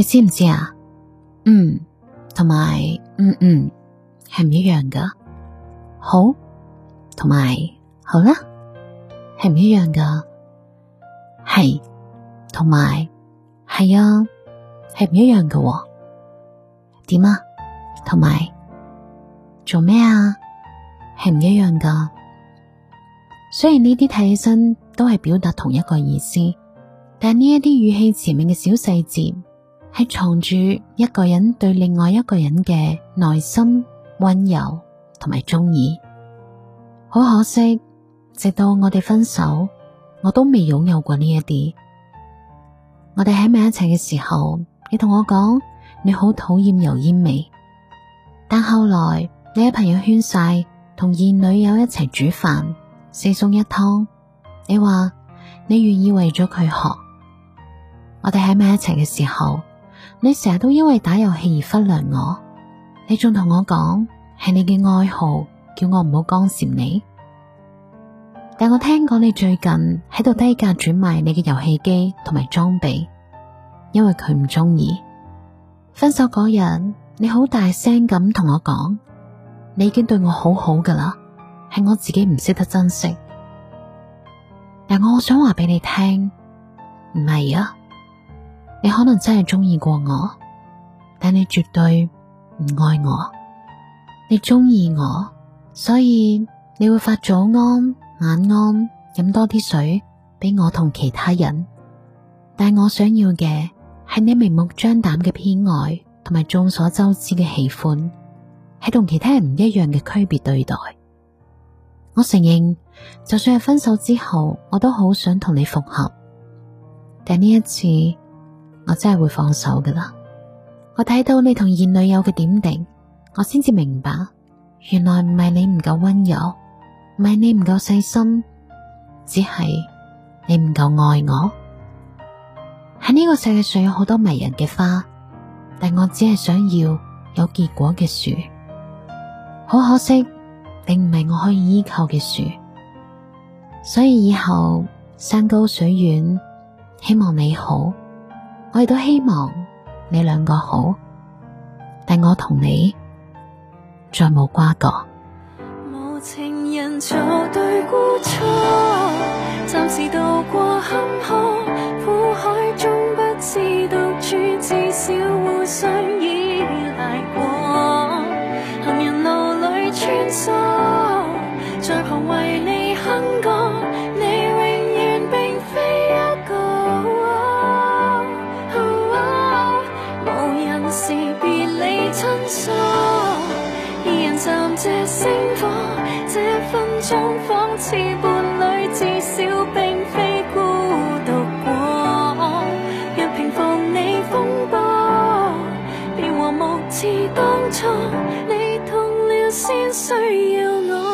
你知唔知啊？嗯，同埋，嗯嗯，係唔一樣噶。好，同埋好啦，係唔一樣噶。係，同埋係啊，係唔一樣噶喎。點啊？同埋做咩啊？係唔一樣噶。雖然呢啲睇起身都係表達同一個意思，但呢一啲語氣前面嘅小細節。係藏住一個人對另外一個人嘅耐心溫柔同埋鍾意。好可惜，直到我哋分手，我都未擁有過呢一啲。我哋喺埋一齊嘅時候，你同我講你好討厭油煙味，但後來你喺朋友圈曬同現女友一齊煮飯四餸一湯，你話你願意為咗佢學。我哋喺埋一齊嘅時候。你成日都因為打遊戲而忽略我，你仲同我講係你嘅愛好，叫我唔好干涉你。但我聽講你最近喺度低價轉賣你嘅遊戲機同埋裝備，因為佢唔中意。分手嗰日，你好大聲咁同我講，你已經對我好好㗎喇，係我自己唔識得珍惜。但我想話俾你聽，唔係啊。你可能真係鍾意過我，但你絕對唔愛我。你鍾意我，所以你會發早安、晚安，飲多啲水俾我同其他人。但我想要嘅係你明目張膽嘅偏愛，同埋眾所周知嘅喜歡，係同其他人唔一樣嘅區別對待。我承認，就算係分手之後，我都好想同你復合，但呢一次。我真係會放手噶啦。我睇到你同現女友嘅點滴，我先至明白，原來唔係你唔夠溫柔，唔係你唔夠細心，只係你唔夠愛我。喺呢個世界上有好多迷人嘅花，但我只係想要有結果嘅樹。好可惜，並唔係我可以依靠嘅樹，所以以後山高水遠，希望你好。我亦都希望你兩個好，但我同你再冇瓜葛。無情人做對孤雛，暫時渡過坎坷。 多這分鐘仿似伴侶，至少並非孤獨過。若平伏你風波，便和睦似當初。你痛了先需要我。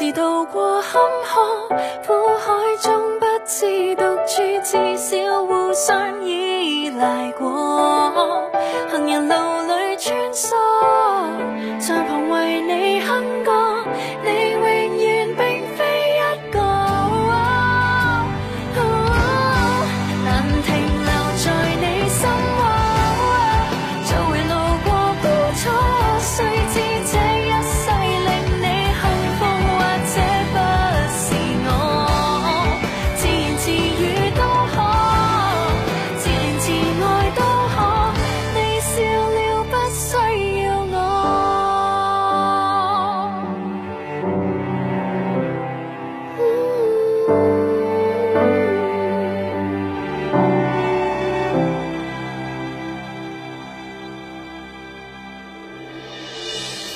是度過坎坷苦海中，不致獨處，至少互相依賴過。